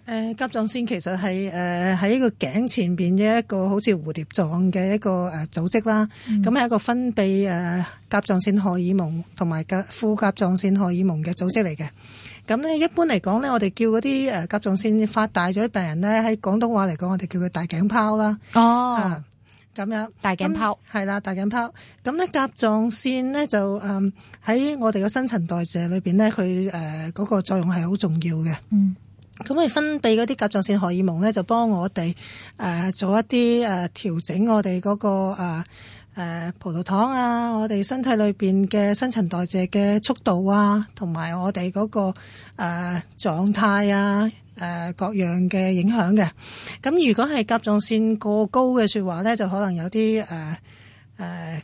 誒、呃，甲狀腺其實係誒喺個頸前邊嘅一個，頸前面的一個好似蝴蝶狀嘅一個誒、呃、組織啦。咁、嗯、係一個分泌誒、呃、甲狀腺荷爾蒙同埋甲副甲狀腺荷爾蒙嘅組織嚟嘅。咁咧一般嚟講咧，我哋叫嗰啲誒甲狀腺發大咗啲病人咧，喺廣東話嚟講，我哋叫佢大頸泡啦。哦，咁、啊、樣大頸泡係啦，大頸泡。咁咧甲狀腺咧就誒喺、呃、我哋嘅新陳代謝裏邊咧，佢誒嗰個作用係好重要嘅。嗯。咁佢分泌嗰啲甲狀腺荷爾蒙咧，就幫我哋誒、啊、做一啲誒調整我、那個，我哋嗰個誒誒葡萄糖啊，我哋身體裏邊嘅新陳代謝嘅速度啊，同埋我哋嗰、那個誒狀態啊，誒、啊啊、各樣嘅影響嘅。咁如果係甲狀腺過高嘅說話咧，就可能有啲誒誒。啊啊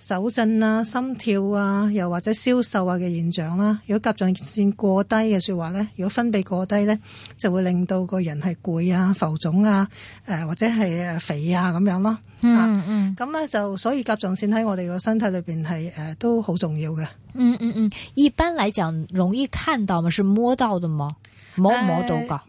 手震啊、心跳啊，又或者消瘦啊嘅現象啦。如果甲狀腺過低嘅說話咧，如果分泌過低咧，就會令到個人係攰啊、浮腫啊，誒、呃、或者係誒肥啊咁樣咯。嗯嗯，咁、啊、咧就所以甲狀腺喺我哋個身體裏邊係誒都好重要嘅。嗯嗯嗯，一般嚟講容易看到嗎？是摸到的嗎？摸唔摸到噶？呃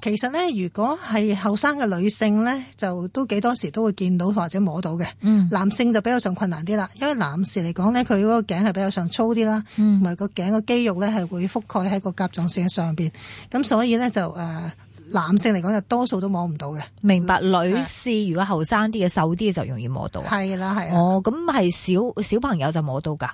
其實咧，如果係後生嘅女性咧，就都幾多時都會見到或者摸到嘅、嗯。男性就比較上困難啲啦，因為男士嚟講咧，佢嗰個頸係比較上粗啲啦，同、嗯、埋個頸嘅肌肉咧係會覆蓋喺個甲狀腺上面。咁所以咧就誒。呃男性嚟講就多數都摸唔到嘅，明白。女士如果後生啲嘅，瘦啲嘅就容易摸到。係啦，係啊。哦，咁係小小朋友就摸到噶誒、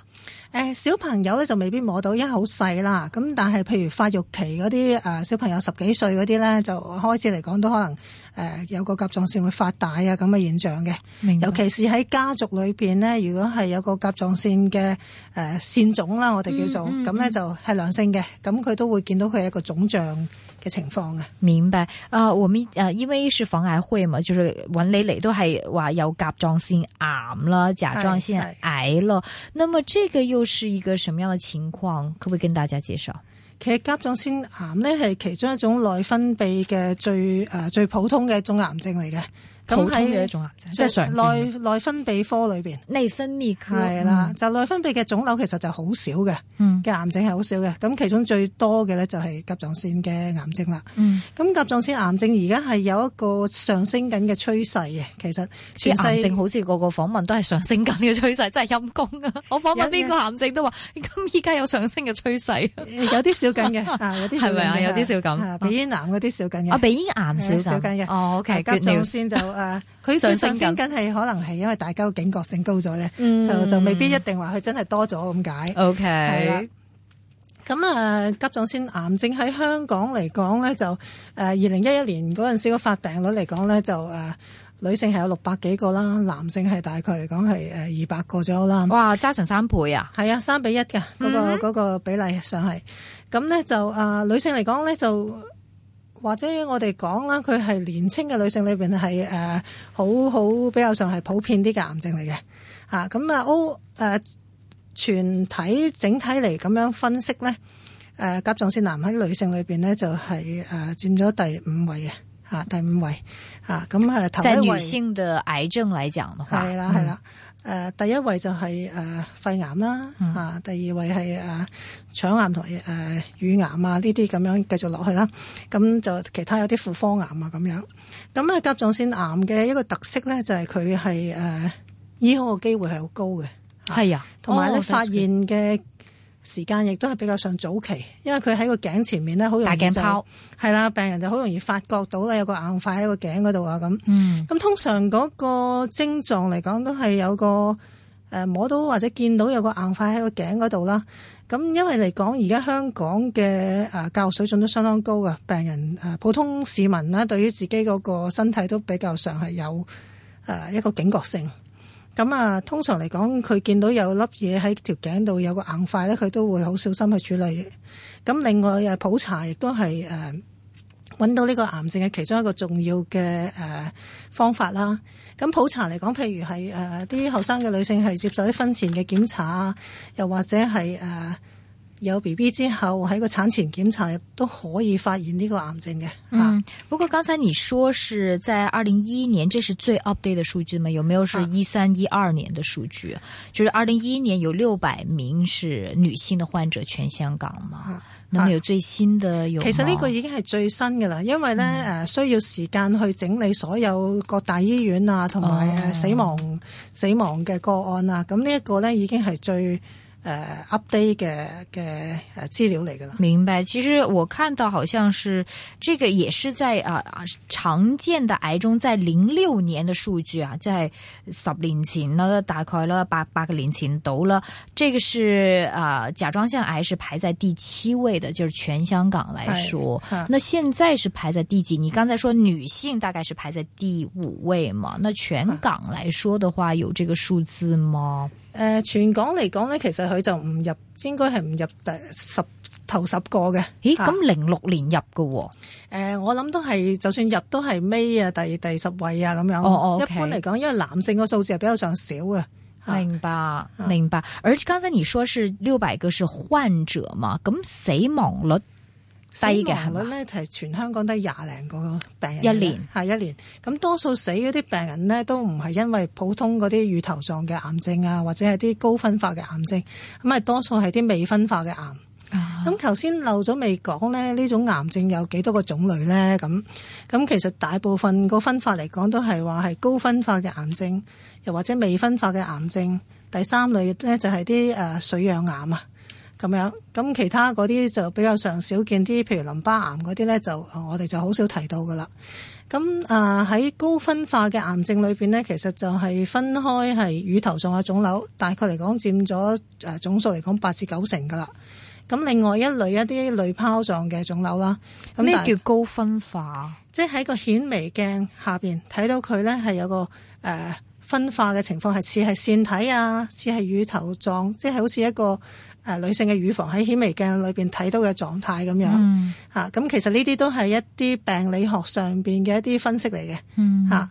欸，小朋友咧就未必摸到，因為好細啦。咁但係譬如發育期嗰啲誒小朋友十幾歲嗰啲咧，就開始嚟講都可能誒有個甲狀腺會發大啊咁嘅現象嘅。明白。尤其是喺家族裏邊咧，如果係有個甲狀腺嘅誒、呃、腺腫啦，我哋叫做咁咧，嗯嗯嗯、就係良性嘅，咁佢都會見到佢係一個腫脹。嘅情況啊，明白？啊，我們啊，因為是防癌會嘛，就是揾你嚟都係話有甲狀腺癌啦，甲狀腺癌咯。那麼這個又是一個什麼樣的情況？可唔可以跟大家介紹？其實甲狀腺癌呢，係其中一種內分泌嘅最誒、呃、最普通嘅一種癌症嚟嘅。咁係一種癌症，即係內內分泌科裏邊。內分泌科係啦、嗯，就內分泌嘅腫瘤其實就好少嘅，嘅、嗯、癌症係好少嘅。咁其中最多嘅咧就係甲狀腺嘅癌症啦。咁、嗯、甲狀腺癌症而家係有一個上升緊嘅趨勢嘅。其實全世，癌症好似個個訪問都係上升緊嘅趨勢，真係陰功啊！ 我訪問邊個癌症都話，咁依家有上升嘅趨勢。 有啲少緊嘅，係咪 啊？有啲少緊，鼻、啊、咽、啊啊啊、癌嗰啲少緊嘅，鼻、啊、咽癌少少緊嘅。哦，OK，甲狀腺就。誒、啊，佢上升緊係可能係因為大家警覺性高咗咧、嗯，就就未必一定話佢真係多咗咁解。O K，係啦。咁啊，甲狀腺癌症喺香港嚟講咧，就誒，二零一一年嗰陣時個發病率嚟講咧，就誒、啊，女性係有六百幾個啦，男性係大概嚟講係誒二百個左右啦。哇，揸成三倍啊！係啊，三比一嘅嗰個、嗯那個比例上係。咁咧就誒、啊，女性嚟講咧就。或者我哋講啦，佢係年輕嘅女性裏面係誒好好比較上係普遍啲癌症嚟嘅嚇。咁啊，O、啊、全體整體嚟咁樣分析咧，誒、啊、甲狀腺癌喺女性裏面咧就係、是、誒、啊、佔咗第五位嘅、啊。第五位嚇。咁、啊、係、啊、頭一位，在女性的癌症嚟講嘅話係啦，係啦。嗯誒、呃、第一位就係、是、誒、呃、肺癌啦嚇、啊，第二位係誒、呃、腸癌同埋、呃、乳癌啊呢啲咁樣繼續落去啦，咁就其他有啲婦科癌啊咁樣。咁咧甲狀腺癌嘅一個特色咧就係佢係誒醫好嘅機會係好高嘅，係啊，同埋咧發現嘅時間亦都係比較上早期，因為佢喺個頸前面咧，好容易就係啦，病人就好容易發覺到啦有個硬塊喺個頸嗰度啊咁。咁、嗯、通常嗰個症狀嚟講，都係有個誒摸到或者見到有個硬塊喺個頸嗰度啦。咁因為嚟講，而家香港嘅誒教育水準都相當高嘅，病人誒普通市民呢，對於自己嗰個身體都比較上係有誒一個警覺性。咁啊，通常嚟講，佢見到有粒嘢喺條頸度，有個硬塊咧，佢都會好小心去處理。咁另外普查亦都係誒搵到呢個癌症嘅其中一個重要嘅誒、呃、方法啦。咁普查嚟講，譬如係誒啲後生嘅女性係接受啲婚前嘅檢查啊，又或者係誒。呃有 B B 之後喺個產前檢查都可以發現呢個癌症嘅。嗯，啊、不過剛才你說是在二零一一年，這是最 update 的數據嗎？有沒有是一三一二年的數據啊？就是二零一一年有六百名是女性的患者，全香港嗎？啊、有最新的有，有？其實呢個已經係最新的了，因為呢誒、嗯、需要時間去整理所有各大醫院啊，同埋死亡、哦、死亡嘅個案啊。咁呢一個呢已經係最。呃 update 嘅嘅呃資料嚟㗎啦。明白，其實我看到好像是，這個也是在啊啊、呃、常見的癌中，在零六年的數據啊，在，就係十年前啦，大概啦八八個年前度啦，這個是啊甲狀腺癌是排在第七位的，就是全香港來說。那現在是排在第幾？你剛才說女性大概是排在第五位嘛？那全港來說的話，有這個數字嗎？誒、呃，全港嚟講咧，其實佢就唔入，應該係唔入第十頭十個嘅。咦？咁零六年入嘅，哦？誒、呃，我諗都係，就算入都係尾啊，第第十位啊咁樣。哦哦，okay，一般嚟講，因為男性嘅數字係比較上少嘅。明白、啊，明白。而且剛才你說是六百個是患者嘛？咁死亡率。低嘅係嘛？呢係全香港得廿零個病人一年係一年。咁多數死嗰啲病人咧，都唔係因為普通嗰啲乳頭狀嘅癌症啊，或者係啲高分化嘅癌症。咁啊，多數係啲未分化嘅癌。咁頭先漏咗未講咧，呢種癌症有幾多個種類咧？咁咁其實大部分個分法嚟講，都係話係高分化嘅癌症，又或者未分化嘅癌症。第三類咧就係啲誒髓樣癌啊。咁樣，咁其他嗰啲就比較常少見啲，譬如淋巴癌嗰啲呢，就我哋就好少提到噶啦。咁啊喺高分化嘅癌症裏邊呢，其實就係分開係乳頭狀嘅腫瘤，大概嚟講佔咗誒總數嚟講八至九成噶啦。咁另外一類一啲濾泡狀嘅腫瘤啦。咩叫高分化？即係喺個顯微鏡下邊睇到佢呢，係有個誒分化嘅情況，係似係腺體啊，似係乳頭狀，即係好似一個。誒、呃、女性嘅乳房喺顯微鏡裏邊睇到嘅狀態咁樣嚇，咁、嗯啊、其實呢啲都係一啲病理學上邊嘅一啲分析嚟嘅嚇，咁、嗯啊、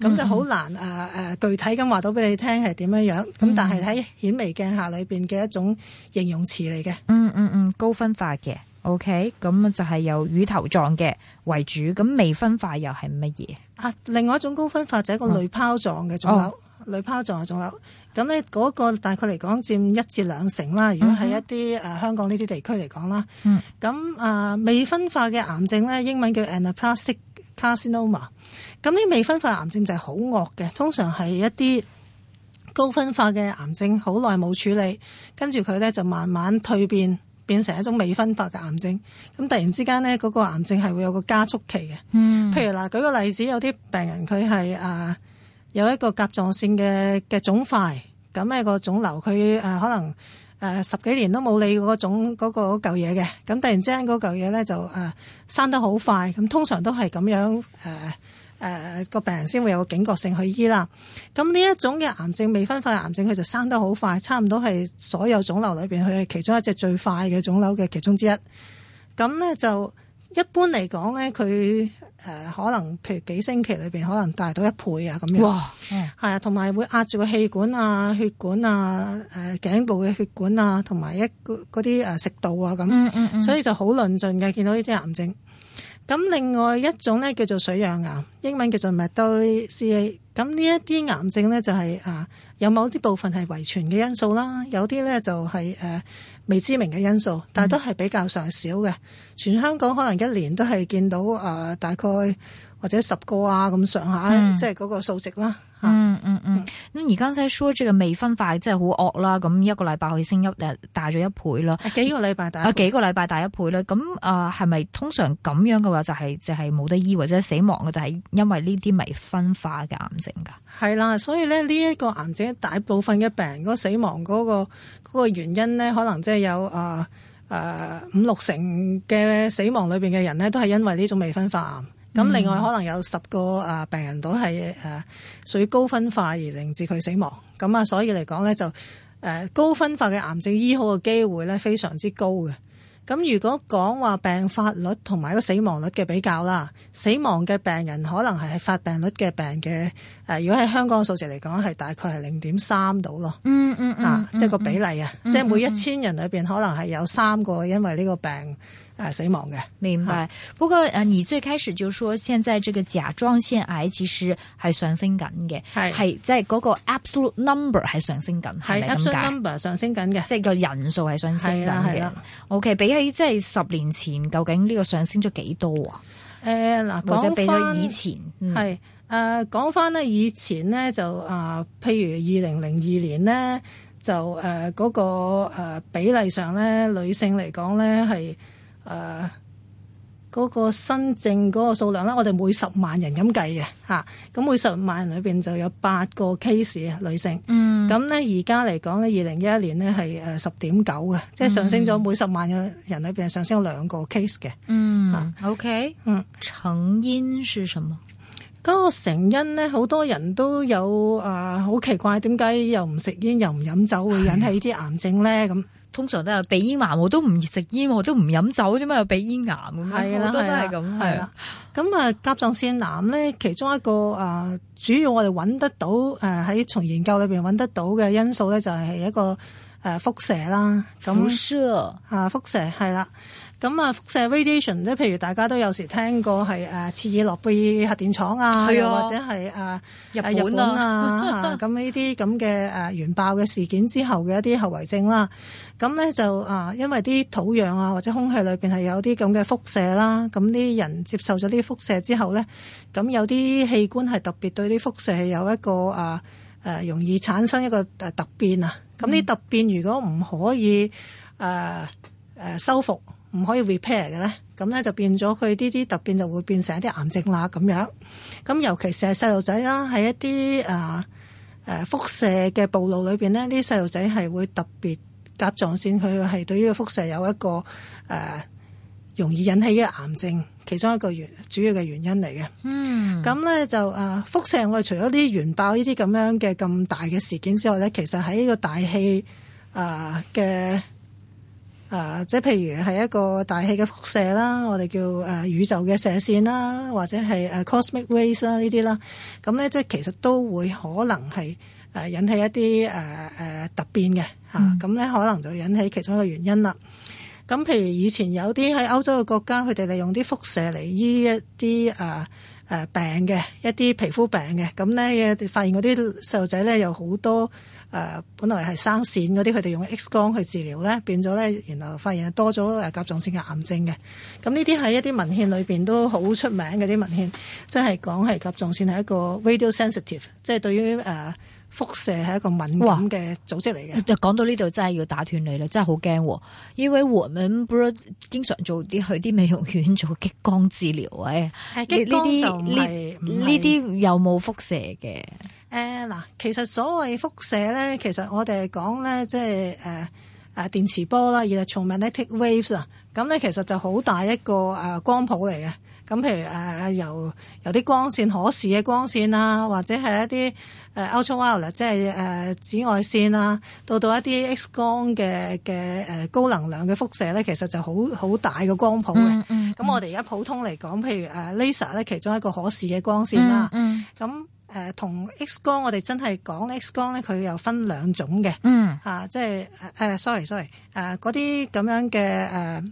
就好難誒誒、嗯啊啊、具體咁話到俾你聽係點樣樣，咁但係喺顯微鏡下裏邊嘅一種形容詞嚟嘅，嗯嗯嗯，高分化嘅，OK，咁就係由乳頭狀嘅為主，咁未分化又係乜嘢啊？另外一種高分化就係一個濾泡狀嘅腫瘤、哦哦，濾泡狀嘅腫瘤。咁你嗰個大概嚟講佔一至兩成啦。如果係一啲誒、呃、香港呢啲地區嚟講啦，咁、嗯、誒、呃、未分化嘅癌症呢，英文叫 anaplastic carcinoma。咁啲未分化癌症就係好惡嘅，通常係一啲高分化嘅癌症，好耐冇處理，跟住佢呢就慢慢蛻變，變成一種未分化嘅癌症。咁突然之間呢，嗰、那個癌症係會有個加速期嘅。嗯。譬如嗱，舉個例子，有啲病人佢係誒、呃有一個甲狀腺嘅嘅腫塊，咁、那、一個腫瘤，佢誒可能誒十幾年都冇理嗰種嗰、那個嚿嘢嘅，咁突然之間嗰嚿嘢咧就誒、啊、生得好快，咁通常都係咁樣誒誒、啊啊、個病人先會有警覺性去醫啦。咁呢一種嘅癌症，未分化嘅癌症，佢就生得好快，差唔多係所有腫瘤裏面，佢係其中一隻最快嘅腫瘤嘅其中之一。咁咧就。一般嚟講咧，佢誒、呃、可能譬如幾星期裏面可能大到一倍啊咁樣。哇！係啊，同埋會壓住個氣管啊、血管啊、誒、呃、頸部嘅血管啊，同埋一嗰啲、呃、食道啊咁、嗯嗯嗯，所以就好論盡嘅。見到呢啲癌症。咁另外一種咧叫做髓樣癌，英文叫做 medullary 咁呢一啲癌症咧就係、是、啊、呃，有某啲部分係遺傳嘅因素啦，有啲咧就係、是、誒。呃未知名嘅因素，但係都係比較上少嘅。嗯。全香港可能一年都係見到誒、呃、大概或者十個啊咁上下，即係嗰個數值啦。嗯嗯嗯，咁而家即係蘇浙嘅未分化，即係好惡啦。咁一個禮拜可以升一大，大咗一倍啦。幾個禮拜大啊？幾個禮拜大一倍咧？咁啊，係咪通常咁樣嘅話，就係就係冇得醫或者死亡嘅？就係因為呢啲未分化嘅癌症噶？係啦，所以咧呢一個癌症，大部分嘅病人嗰死亡嗰個嗰個原因咧，可能即係有啊啊五六成嘅死亡裏邊嘅人咧，都係因為呢種未分化癌。咁、嗯、另外可能有十個啊病人都係誒屬於高分化而令至佢死亡，咁啊所以嚟講咧就誒高分化嘅癌症醫好嘅機會咧非常之高嘅。咁如果講話病發率同埋個死亡率嘅比較啦，死亡嘅病人可能係發病率嘅病嘅誒，如果喺香港嘅數字嚟講係大概係零點三度咯。嗯嗯，嗯啊，嗯即係個比例啊、嗯，即係每一千人裏面可能係有三個因為呢個病。誒，死亡嘅明白。不過誒，你最開始就說，現在這個甲狀腺癌其實係上升緊嘅，係係即係嗰個 absolute number 係上升緊，係 absolute number 上升緊嘅，即係個人數係上升緊嘅。O、okay, K，比起即係十年前，究竟呢個上升咗幾多啊？誒、呃、嗱，或者比起以前係誒講翻咧，嗯呃、以前呢，就誒，譬、呃、如二零零二年呢，就誒嗰、呃那個誒、呃、比例上咧，女性嚟講咧係。是誒、呃，嗰、那個新症嗰個數量啦，我哋每十萬人咁計嘅吓，咁、啊、每十萬人裏邊就有八個 case 啊，女性。嗯，咁咧而家嚟講咧，二零一一年咧係誒十點九嘅，即係上升咗每十萬人裏邊上升咗兩個 case 嘅。嗯、啊、，OK，嗯，成因是什麼？嗰、那個成因咧，好多人都有誒，好、呃、奇怪，點解又唔食煙又唔飲酒會引起啲癌症咧？咁。通常都有鼻咽癌，我都唔食煙，我都唔飲酒，點解有鼻咽癌咁啊？好多都係咁，係啊。咁啊，甲狀腺癌咧，其中一個啊、呃，主要我哋揾得到誒，喺、呃、從研究裏邊揾得到嘅因素咧，就係、是、一個誒輻射啦。咁啊，輻射係啦。咁啊，輻射 radiation 咧，譬如大家都有時聽過係誒切爾諾貝爾核電廠啊，啊或者係誒、啊、日本啊，咁呢啲咁嘅誒原爆嘅事件之後嘅一啲後遺症啦、啊。咁咧就啊，因為啲土壤啊或者空氣裏面係有啲咁嘅輻射啦、啊，咁啲人接受咗啲輻射之後咧，咁有啲器官係特別對啲輻射係有一個誒、啊啊、容易產生一個誒、啊、突變啊。咁呢突變如果唔可以誒誒修復。唔可以 repair 嘅咧，咁咧就變咗佢呢啲突變就會變成一啲癌症啦咁樣。咁尤其是係細路仔啦，喺一啲誒誒輻射嘅暴露裏邊呢，啲細路仔係會特別甲狀腺佢係對於輻射有一個誒、啊、容易引起嘅癌症，其中一個原主要嘅原因嚟嘅。嗯，咁咧就誒、啊、輻射我哋除咗啲原爆呢啲咁樣嘅咁大嘅事件之外咧，其實喺呢個大氣誒嘅。啊啊，即係譬如係一個大氣嘅輻射啦，我哋叫、啊、宇宙嘅射線啦，或者係、啊、cosmic rays 啦呢啲啦，咁咧即係其實都會可能係引起一啲誒誒突變嘅嚇，咁、嗯、咧、啊、可能就引起其中一個原因啦。咁譬如以前有啲喺歐洲嘅國家，佢哋利用啲輻射嚟醫一啲、啊啊、病嘅一啲皮膚病嘅，咁咧發現嗰啲細路仔咧有好多。誒、呃、本來係生腺嗰啲，佢哋用 X 光去治療咧，變咗咧，然後發現多咗誒甲狀腺嘅癌症嘅。咁呢啲喺一啲文獻裏面都好出名嘅啲文獻，真係講係甲狀腺係一個 radio sensitive，即係對於誒、啊、輻射係一個敏感嘅組織嚟嘅。講到呢度真係要打斷你啦，真係好驚。因為我 o a d 經常做啲去啲美容院做激光治療啊，激光就唔係呢啲有冇輻射嘅？嗱、嗯，其實所謂輻射咧，其實我哋講咧，即係誒誒電磁波啦，而係從 electromagnetic waves 啊，咁咧其實就好大，呃呃啊呃呃啊呃、大一個光譜嚟嘅。咁譬如誒由由啲光線可視嘅光線啦，或者係一啲誒 ultraviolet，即係誒紫外線啦，到到一啲 X 光嘅嘅誒高能量嘅輻射咧，其實就好好大嘅光譜嘅。咁我哋而家普通嚟講，譬如誒、呃、laser 咧，其中一個可視嘅光線啦、啊，咁、嗯。嗯嗯誒、呃、同 X 光，我哋真係講 X 光咧，佢有分兩種嘅，嚇、mm. 啊，即係誒，sorry sorry，誒嗰啲咁樣嘅誒、呃、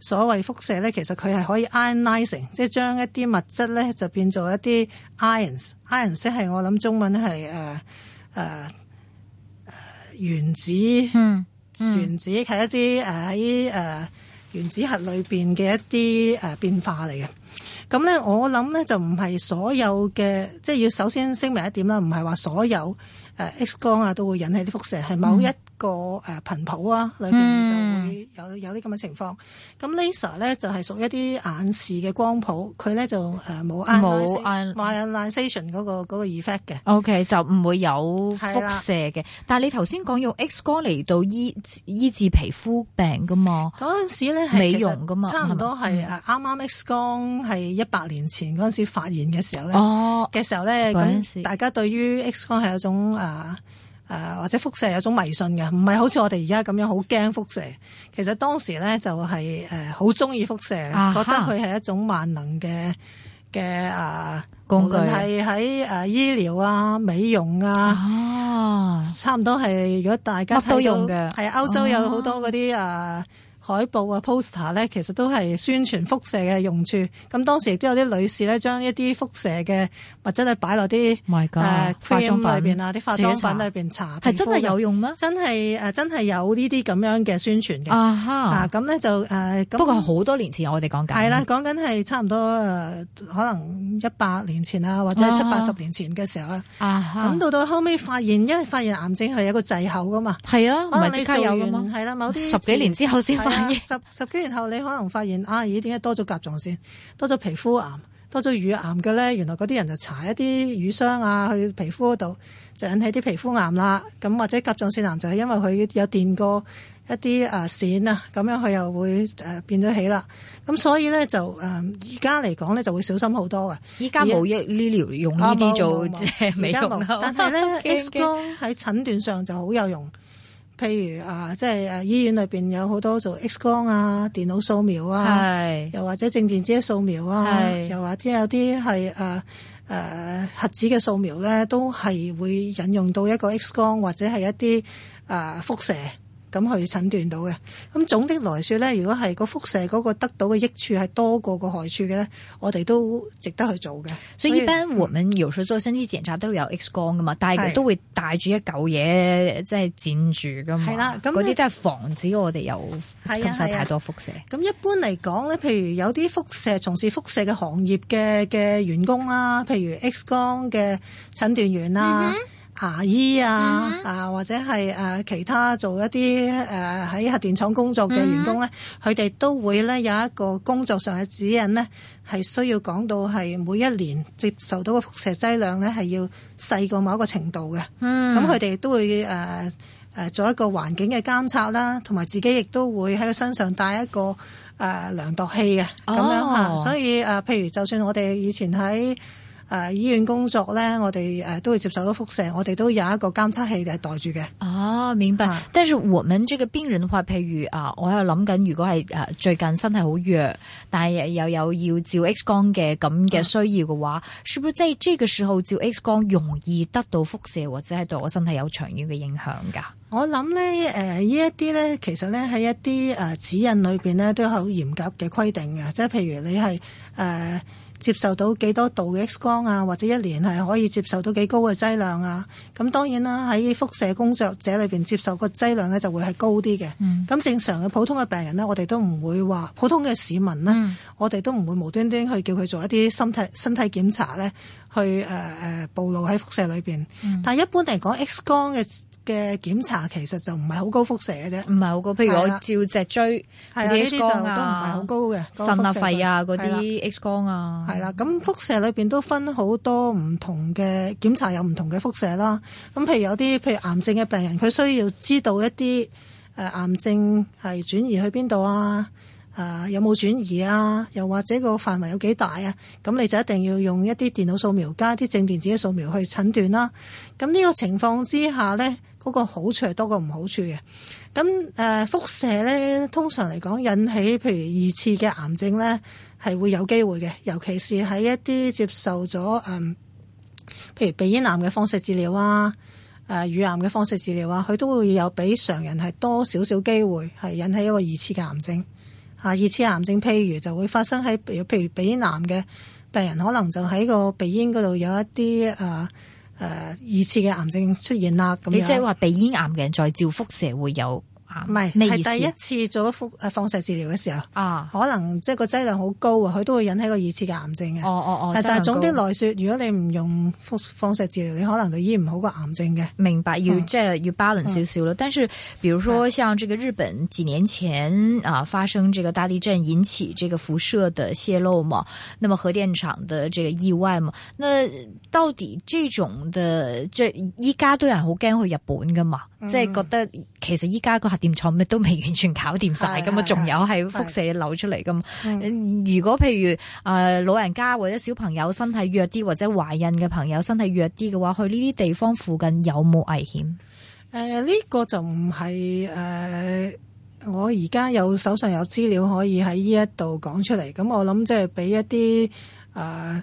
所謂輻射咧，其實佢係可以 ionizing，即係將一啲物質咧就變做一啲 ions，ions 即係我諗中文係誒誒原子，mm. 原子喺一啲誒喺誒原子核裏邊嘅一啲、呃、變化嚟嘅。咁咧，我諗咧就唔係所有嘅，即係要首先聲明一點啦，唔係話所有誒 X 光啊都會引起啲輻射，係、嗯、某一個誒頻譜啊裏邊就會有、嗯、有啲咁嘅情況。咁 Laser 咧就係屬於一啲眼視嘅光譜，佢咧就誒冇冇冇 ionization 嗰個嗰、嗰個 effect 嘅。O.K. 就唔會有輻射嘅。但係你頭先講用 X 光嚟到醫醫治皮膚病噶嘛？嗰陣時咧係美容噶嘛？差唔多係啊，啱啱 X 光係。一百年前嗰陣時發現嘅時候咧，嘅、哦、時候咧，咁大家對於 X 光係一種誒誒、啊啊、或者輻射有種迷信嘅，唔係好似我哋而家咁樣好驚輻射。其實當時咧就係誒好中意輻射，啊、覺得佢係一種萬能嘅嘅誒工具，無論係喺誒醫療啊、美容啊，啊差唔多係。如果大家睇到，係歐洲有好多嗰啲誒。啊海報啊 poster 咧，其實都係宣傳輻射嘅用處。咁當時亦都有啲女士咧，將一啲輻射嘅物質咧擺落啲誒化妝品裏邊啊，啲化妝品裏邊搽。係真係有用咩？真係誒、啊，真係有呢啲咁樣嘅宣傳嘅。咁、啊、咧、啊、就誒、啊，不過好多年前我哋講緊。係啦，講緊係差唔多誒、呃，可能一百年前啊，或者七八十年前嘅時候啊。啊咁到到後尾發現，因為發現癌症係有一個滯後噶嘛。係啊，唔係即刻有噶嘛。係啦，某啲十幾年之後先發。 uh, 十十幾年後，你可能發現啊，咦？點解多咗甲狀腺、多咗皮膚癌、多咗乳癌嘅咧？原來嗰啲人就搽一啲乳霜啊，去皮膚嗰度就引起啲皮膚癌啦。咁、嗯、或者甲狀腺癌就係因為佢有電過一啲誒綫啊，咁樣佢又會誒、呃、變咗起啦。咁、嗯、所以咧就誒而家嚟講咧就會小心好多嘅。而家冇益呢療用呢啲做即係美、啊、 但係是咧、 okay, okay. X 光喺診斷上就好有用。譬如啊，即係誒、啊、醫院裏邊有好多做 X 光啊，電腦掃描啊，係，又或者正電子的掃描啊，係，又或者有啲係誒誒核子嘅掃描咧，都係會引用到一個 X 光或者係一啲啊輻射。咁去診斷到嘅，咁總的來說咧，如果係個輻射嗰個得到嘅益處係多過個害處嘅咧，我哋都值得去做嘅。所以一般我們有時做身體檢查都有 X 光噶嘛，但係佢都會帶住一嚿嘢即係剪住噶啦，咁嗰啲都係防止我哋有吸收太多輻射。咁一般嚟講咧，譬如有啲輻射，從事輻射嘅行業嘅嘅員工啦，譬如 X 光嘅診斷員啦。嗯牙醫啊，uh -huh. 啊，或者係誒、啊、其他做一啲誒喺核電廠工作嘅員工呢，佢、uh、哋 -huh. 都會呢有一個工作上嘅指引呢係需要講到係每一年接受到嘅輻射劑量呢係要細過某一個程度嘅。咁佢哋都會誒、啊、做一個環境嘅監察啦，同埋自己亦都會喺佢身上帶一個誒、啊、量度器嘅咁樣、oh. 啊、所以誒、啊，譬如就算我哋以前喺誒、呃，醫院工作咧，我哋誒、呃、都會接受到輻射，我哋都有一個監測器係戴住嘅。哦、啊，明白、啊。但是我們這個病人的話，譬如啊，我喺度諗緊，如果係誒、啊、最近身體好弱，但係又有要照 X 光嘅咁嘅需要嘅話、啊，是不是即係這個時候照 X 光容易得到輻射，或者係對我身體有長遠嘅影響噶？我諗呢誒，呢一啲呢，其實呢喺一啲誒、呃、指引裏邊呢，都係好嚴格嘅規定嘅，即係譬如你係誒。呃接受到幾多度嘅 X 光啊，或者一年係可以接受到幾高嘅劑量啊？咁當然啦，喺輻射工作者裏面接受個劑量呢，就會係高啲嘅。咁、嗯、正常嘅普通嘅病人呢，我哋都唔會話普通嘅市民呢，嗯、我哋都唔會無端端去叫佢做一啲身體身體檢查呢，去誒、呃、暴露喺輻射裏面、嗯。但係一般嚟講，X 光嘅。嘅檢查其實就唔係好高輻射嘅啫，唔係好高。譬如我照脊椎、嗰啲光啊、腎啊、肺啊嗰啲 X 光啊，係啦。咁、那個、輻射裏邊、啊啊啊、都分好多唔同嘅檢查，有唔同嘅輻射啦。咁譬如有啲，譬如癌症嘅病人，佢需要知道一啲誒癌症係轉移去邊度啊？誒、啊、有冇轉移啊？又或者個範圍有幾大啊？咁你就一定要用一啲電腦掃描加啲正電子嘅掃描去診斷啦。咁呢個情況之下呢。嗰個好處係多過唔好處嘅，咁誒、呃、輻射咧，通常嚟講引起譬如二次嘅癌症咧，係會有機會嘅，尤其是喺一啲接受咗誒、嗯，譬如鼻咽癌嘅放射治療啊，誒、呃、乳癌嘅放射治療啊，佢都會有比常人係多少少機會係引起一個二次嘅癌症。啊，二次癌症譬如就會發生喺譬、譬如鼻咽癌嘅病人，可能就喺個鼻咽嗰度有一啲啊。誒，二次嘅癌症出現啦，咁樣，你即係話鼻咽癌嘅人再照輻射會有？唔、啊、係，係第一次做幅誒放射治療嘅時候，啊，可能即係個劑量好高啊，佢都會引起個二次嘅癌症嘅。哦哦哦，但係總啲來說，如果你唔用輻放射治療，你可能就醫唔好個癌症嘅。明白，要即係要 balance、嗯、少少咯。但是，比如說像這個日本幾年前、嗯、啊發生這個大地震引起這個輻射的泄漏嘛，那麼核電廠的這個意外嘛，那到底這種的即係依家都有人好驚去日本噶嘛？即、嗯、係、就是、覺得其實依家個電廠咩都未完全搞掂晒，咁啊仲有係輻射漏出嚟咁。如果譬如誒、呃、老人家或者小朋友身體弱啲，或者懷孕嘅朋友身體弱啲嘅話，去呢啲地方附近有冇危險？誒、呃、呢、這個就唔係誒，我而家有手上有資料可以喺呢一度講出嚟。咁我諗即係俾一啲誒。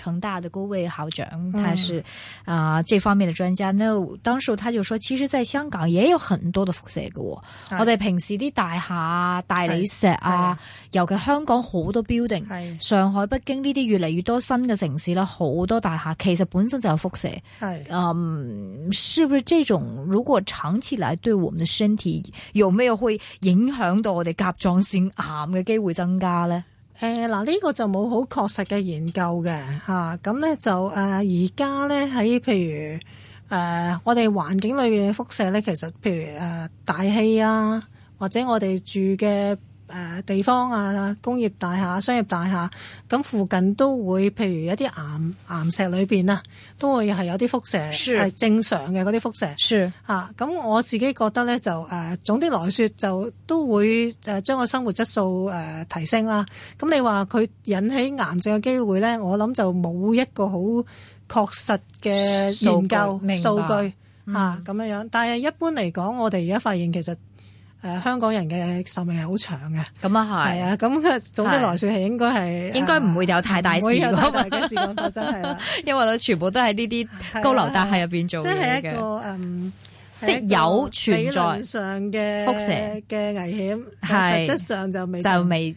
成大的高位校長他是啊、嗯呃、這方面的專家。那當時他就說，其實，在香港也有很多的輻射。我哋平時啲大廈啊、大理石啊，尤其香港好多 building，上海、北京呢啲越嚟越多新嘅城市啦，好多大廈其實本身就有輻射。係，嗯、呃，是不是這種如果長起來，對我們的身體有沒有會影響到我哋甲狀腺癌嘅機會增加咧？誒嗱呢個就冇好確實嘅研究嘅嚇，咁咧就誒而家咧喺譬如誒、呃、我哋環境裏邊嘅輻射咧，其實譬如誒、呃、大氣啊，或者我哋住嘅。誒、呃、地方啊，工業大廈、商業大廈，咁附近都會，譬如一啲岩岩石裏面啊，都會係有啲輻射，係正常嘅嗰啲輻射。是嚇、咁、啊、我自己覺得呢，就誒、啊、總的來説，就都會誒將個生活質素、啊、提升啦。咁你話佢引起癌症嘅機會呢，我諗就冇一個好確實嘅研究數據嚇咁、啊、樣。嗯、但係一般嚟講，我哋而家發現其實。誒、呃、香港人嘅壽命係好長嘅，咁啊係，係啊，咁、啊、總得來説係應該係，應該唔會有太大事。唔、啊、事講到真係啦， 因為咧全部都喺呢啲高樓大廈入邊做嘅。即係、啊啊、一個誒、嗯，即係有存在上嘅輻射嘅危險，係質、啊、上就未就未。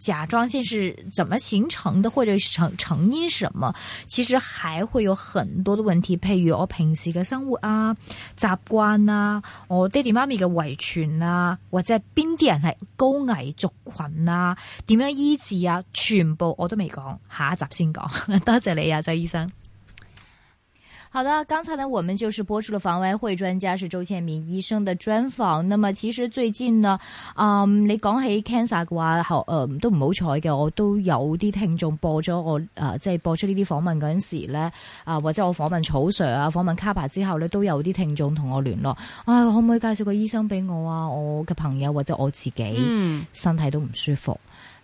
甲狀腺是怎麼形成的，或者成成因什麼？其實還會有很多的問題，譬如我平時嘅生活啊、習慣啊、我爹地媽咪嘅遺傳啊，或者邊啲人係高危族群啊，點樣醫治啊，全部我都未講，下一集先講。多謝你啊，周醫生。好啦，剛才呢，我們就是播出了防癌會專家是周倩明醫生的專訪。那麼其實最近呢，嗯，你講起 cancer 嘅話，嗬，誒，都唔好彩嘅。我都有啲聽眾播咗我誒，即、啊、係、就是、播出呢啲訪問嗰陣時咧，啊，或者我訪問草 Sir 啊，訪問卡牌之後咧，都有啲聽眾同我聯絡啊、哎，可唔可以介紹個醫生俾我啊？我嘅朋友或者我自己，嗯，身體都唔舒服。